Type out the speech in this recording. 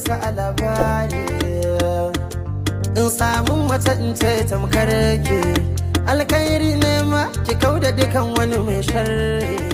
sa a in samu wata in ce tamkar ke alkhairi ne ma ki kauda dukan wani mai sharri